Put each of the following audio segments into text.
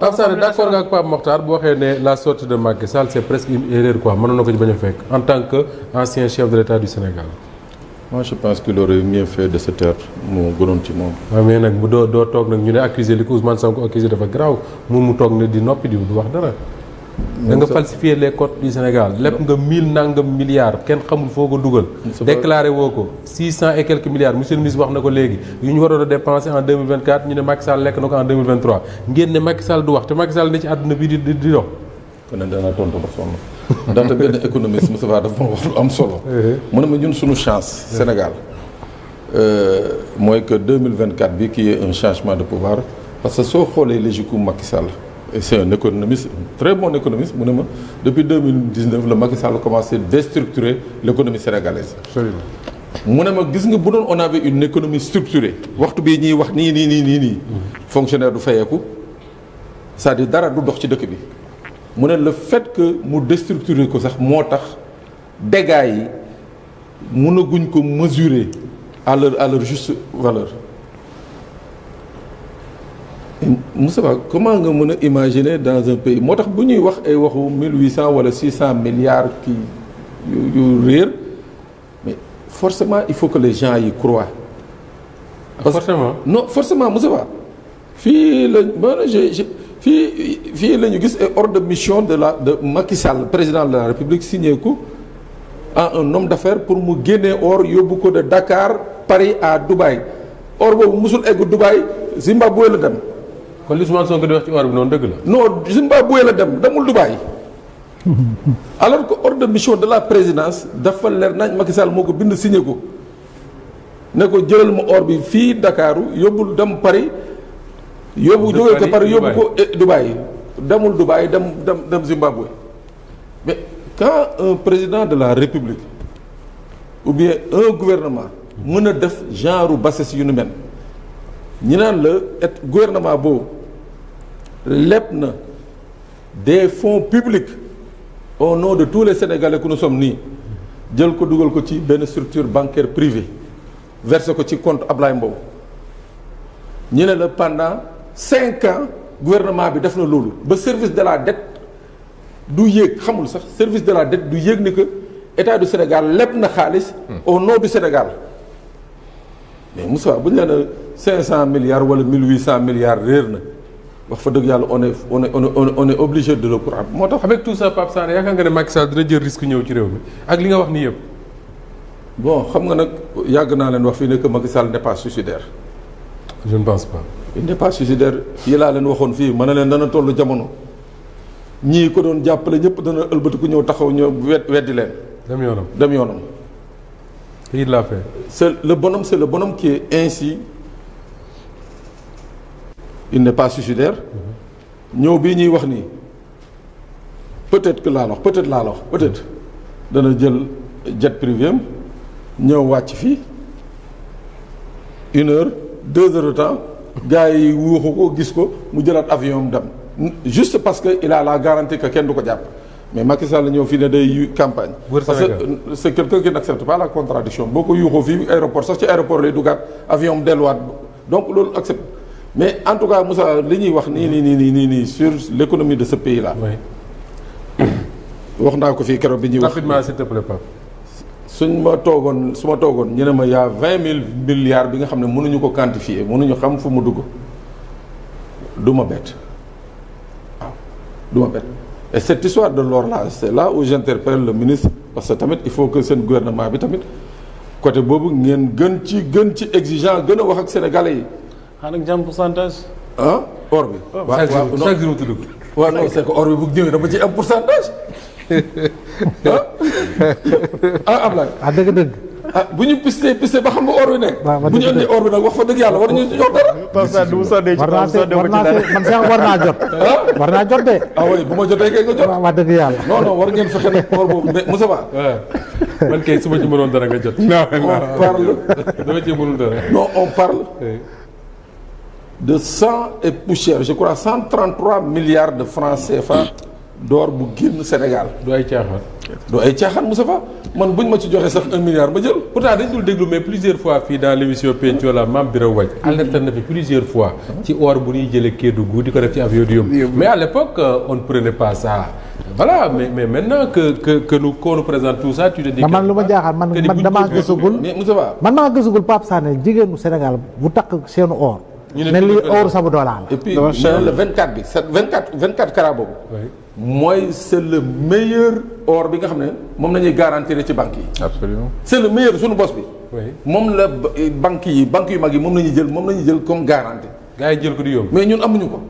Pape Sané nga ak Pape Mokhtar bu waxee ne la sortie de Macky Sall c'est presque une erreur quoi mënoon na ko ci bañ fekk en tant que ancien chef de l'État du Sénégal. moi je pense qu'il aurait mieux fait de se taire mu gënoon ci moom. waaw ah, mais nag bu doo doo toog nag ñu ne accusé li ko Ousmane Sonko accusé dafa garaaw moom mu toog ne di noppi di du wax dara. da nga falsifier les cotes du Sénégal lépp nga mille nangam milliards kenn xamul foo ko dugal déclaré woo ko six cent et quelques milliards monsieur le ministre wax na ko léegi yu ñu waroon a dépenser en 2024 ñu ne Macky Sall lekk na ko en 2023 ngeen ne Macky Sall du wax te Macky Sall ne ci àdduna bi di di dox kon nag danaa tontu ba sonn donte benn économiste Moustapha dafa wax lu am solo eh eh. mu ne ma ñun suñu chance eh. Sénégal euh, mooy que 2024 bi qu'il y ait un changement de pouvoir parce que soo xoolee légiku Macky Sall et c'est un économiste un très bon économiste mu ne ma depuis 2019 la Macky Sall commencé déstructurer l'économie sénégalaise. absolument mu ne ma gis nga bu doon on avait une économie structurée waxtu bii ñuy wax nii nii nii nii nii. fonctionnaire du fayeeku c'est-à-dire dara du dox ci dëkk bi mu ne la fait que mu destructurer ko sax moo tax dégâts yi mënaguñ ko mesurer à leur à leur juste valeur. Moussa comment nga mën a imaginer dans un pays moo tax bu ñuy wax ay waxu mille huit cent wala six cent milliards kii yu yu réer mais forcément il faut que les gens y croient. Parce... forcément non forcément fii lañu gis ay de mission de la de Macky Sall président de la République signé ko à un homme d'affaires pour mu génne or yóbbu ko de Dakar Paris à Dubaï or boobu musul egg Dubaï Zimbabwe la dem. kon li Ousmane Sonko di wax ci or bi noonu dëgg la. non Zimbabwe la dem demul Dubaï. alors que ordre de mission de la présidence dafa leer nañ Macky Sall moo ko bind signé ko ne ko jëlal ma or bi fii Dakar yóbbul dem Paris. yóbbu jógee ko Paris yóbbu ko eh, Dubaï demul Dubaï dem dem dem Zimbabwe mais quand un président de la République ou bien un gouvernement mën a def genre bases yu nu mel ñi naan la et gouvernement boobu. lépp na des fonds publics au non de tous les Sénégalais que nous nii jël ko dugal ko ci benn structure bancaire privée versé ko ci compte Ablaye Mbow ñu ne la pendant cinq ans gouvernement bi def na loolu ba service de la dette du yéeg xamul sax service de la dette du yéeg ni que état du Sénégal leb na xaalis hmm. au nom du Sénégal mais Moussa bu ñu la ne cinq cent milliards wala mille huit cent milliards réer na wax fa dëgg yàlla on est on est on est on est obligé de le pour moo tax avec tout ça Pape Sané yaakaar nga ne Macky Sall dina jël risque ñëw ci réew mi ak li nga wax nii yëpp. bon xam nga nag yàgg naa leen wax fii ne que Macky Sall n'est pas suicidaire. je ne pense pas. il n'est pas yi laa leen waxoon fii mën na leen dana tollu jamono ñii ko doon jàppale ñëpp dana ku ñëw taxaw ñëw weddi leen. dem yoonam dem yoonam. il l'a fait. c'est le bonhomme c'est le bonhomme qui est il n'est pas suicidaire ñëw bii ñuy wax nii peut-être que laa wax peut-être laa wax peut-être dana jël jet privé am ñëw wàcc fii une heure deux heures de temps gars yi wuuxu ko gis ko mu jëlaat avion am dem juste parce que il a la garantie kenn du ko jàpp mais Macky la ñëw fii ne day campagne parce que c'est quelqu'un qui n'accepte pas la contradiction boo ko yuuxoo fii aéroport sax ci aéroport lay dugaat avion am delluwaat donc loolu accepte mais en tout cas Moussa li ñuy wax nii nii nii nii nii nii sur l' économie de ce pays là. wax naa ko fii keroog bi ñuy wax rapidement s'il te plaît Pape. suñ ma toogoon su ma toogoon ñu ne ma yaa vingt mille milliards bi nga xam ne mënuñu ko quantifier mënuñu xam fu mu dugg du ma bett waaw ah, du ma bett et cette histoire de l'or là c' est là où j' interpelle le ministre parce que tamit il faut que seen gouvernement bi tamit côté boobu ngeen gën ci gën ci exigeant gën a wax ak sénégalais yi. xanaa nag jàmm pourcentage. ah or bi. Ah, waaw chaque jour tudd ko. waaw non bu ñëwee dama ci am pourcentage. Ah. ah Ablaye. ah dëgg dëgg. ah bu ñu piste piste ba xam nga or bi nekk. bu ñu andi or bi nag wax fa dëgg yàlla war nañu jox dara. Pape du sonnee war naa jot. Ah. war naa jot de. ah oui bu ma jotee kay nga jot. waaw wax dëgg yàlla. non non war ngeen fexe nag or boobu mais Moussa man kay su ma ci mënoon dara nga jot. non on parle. dama ci mënul dara. non on parle. de cent et poussière je crois milliards de francs CFA d'or bu génn Sénégal. du ay caaxaan. du ay caaxaan Moustapha man buñ ma ci joxe sax un milliard ma jël. pourtant dañ dul déglu mais plusieurs fois fii dans l' émission Pencoo la Mame Birame Wathie alerté na fi plusieurs fois. ci or bu jële jëlee Kédougou di ko def ci avion di yóbbu. mais à l' époque euh, on ne prenait pas mais mais maintenant que que que nous qu'on nous présente tout ça. tu te dis man lu ma jaaxal man man damaa gësugul. mais Moustapha man maa gësugul Pape Sané jigéenu Sénégal bu takk seenu or. ñu ne li or sabu dollar la. et puis le 24 bi sa 24 24 mooy c' est le or bi nga xam ne moom la ñuy garantir ci banques yi. absolument c' est suñu bos bi. moom la eh, banques yi banque yu mag yi moom la ñuy jël moom la ñuy jël comme garantie. gars yi jël ko di yomb. mais ñun amuñu ko.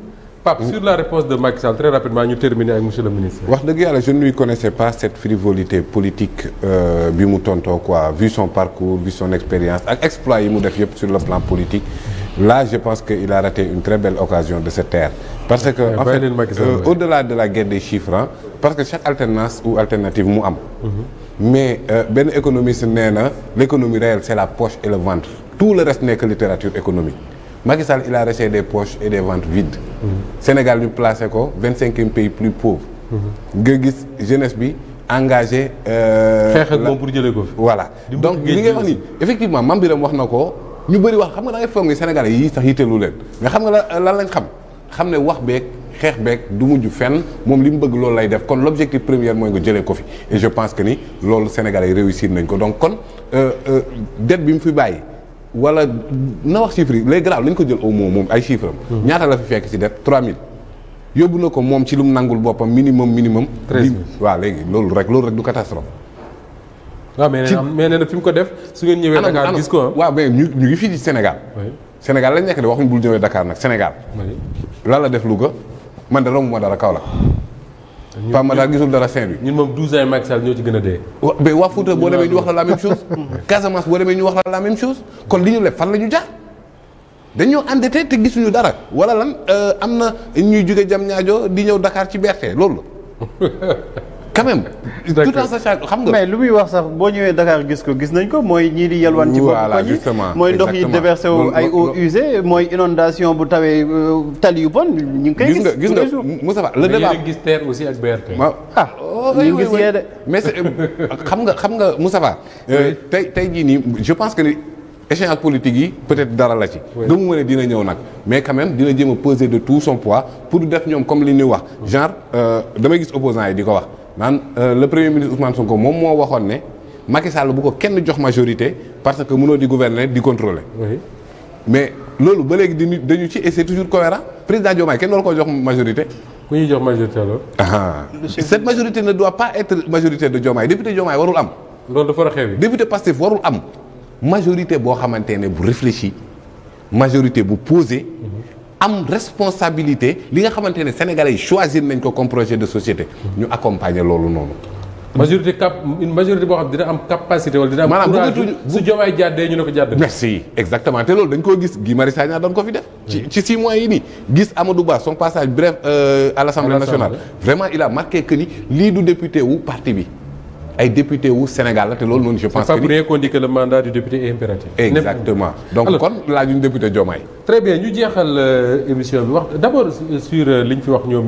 Pape sur la réponse de Macky Sall très rapidement ñu terminer ak monsieur le ministre. wax dëgg yàlla je ne lui pas cette frivolité politique euh, bi mu tontoo quoi vu son parcours vu son expérience ak exploit yi mu def yëpp sur le plan là je pense que il a raté une très belle occasion de se taire parce que en fait euh, au-delà de la guerre des chiffres hein, parce que chaque alternance ou alternative mu am mhm. mais euh, benn économiste nee na l'économie réelle c'est la poche et le ventre tout le reste nekk que littérature économique Macky Sall il a laissé des poches et des ventres vides mhm. Sénégal ñu placé ko vingt-cinquième pays plus pauvre mhm. nga gis jeunesse bi engagé euh, xeex ak moom pour ko fi voilà donc li wax na ko ñu bëri wax xam nga da ngay foog ni yi sax yitteelu leen mais xam nga lan lañ xam xam ne wax beeg xeex beeg du mujj fenn moom li mu bëgg loolu lay def kon l' objectif premier mooy nga jëlee ko fi et je pense que ni loolu Sénégalais yi réussir nañ ko donc kon euh, euh, dette bi mu fi bàyyi wala na wax chiffres yi les grave lañ ko jël au moins moom ay chiffres am. Hmm. ñaata la fi fekk ci dette 3000. yóbbu na ko moom ci lu mu nangul boppam minimum minimum. 13000 waaw léegi loolu rek loolu rek du catastrophe. waaw mais nee na fi mu ko def su ngeen ñëwee Dakar gis ko ah. waaw mais ñu ñu ngi fii ci Sénégal. Sénégal lañ nekk de waxuñ bul ñëwee Dakar nag Sénégal. lan la def Louga man de romb ma dara la Pa ma daal gisul dara Saint-Louis. ñun moom 12 ans Macky Sall ñoo ci a dee. waa Fouta boo demee ñu wax la la même chose. Casamance boo demee ñu wax la la même chose. kon li ñu leb fan la ñu jaar dañoo endetté te gisuñu dara wala lan euh, am na ñuy jóge jam ñaajo di ñëw dakaar ci berte loolu quand même. tout à sachant xam lu muy wax sax boo ñëwee Dakar gis ko gis nañ ko mooy ñii di yalwaan ci bopp koñ yi mooy ndox yi déversé mooy inondation bu tawee euh, tali yu bon ñu ngi koy. gis nga gis nga Moustapha le débat mais gis TER aussi ak BRT. ah oh, ñu ngi gis yee euh, xam nga xam nga Moustapha. Euh, tey tey jii nii je pense que ni. échéance politique yi peut-être dara la ci du mu mën a dina ñëw nag mais quand même dina jéem a de tout son poids pour def ñoom comme li ñuy wax genre damay gis opposants yi di ko wax man euh, le premier ministre Ousmane Sonko moom moo waxoon ne Macky Sall bu ko kenn jox majorité parce que mënoo di gouverner di contrôler. mais loolu ba léegi dañu dañu ci et c'est toujours cohérent président Diomaye kenn war koo jox majorité. ku ñu jox majorité alors. Ah. cette majorité ne doit pas être majorité de Diomaye député Diomaye warul am. loolu dafa war a xew député Pastef warul am majorité boo xamante ne bu réfléchi majorité bu posé. Mhm. am responsabilité li nga xamante ne sénégalais yi choisir nañ ko comme projet de société. ñu accompagner loolu noonu. majorité cap une majorité boo xam dina am capacité wala dina am. maanaam bëggatuñu su jomaay ñu ne ko jàdd. merci exactement loolu dañ koo gis Guy Marius Sagna dañ ko fi def. ci ci six mois yi nii gis Amadou Ba son passage bref euh, à l' assemblée nationale. vraiment il a marqué que lii du député wu parti bi. ay député wu Sénégal la te loolu noonu je pense. c'est pas pour rien qu'on dit que le mandat du député exactement donc kon laajuñu député Diomaye. très bien ñu jeexal euh, émission bi wax d'abord euh, sur euh, li ñu fi wax ñoom.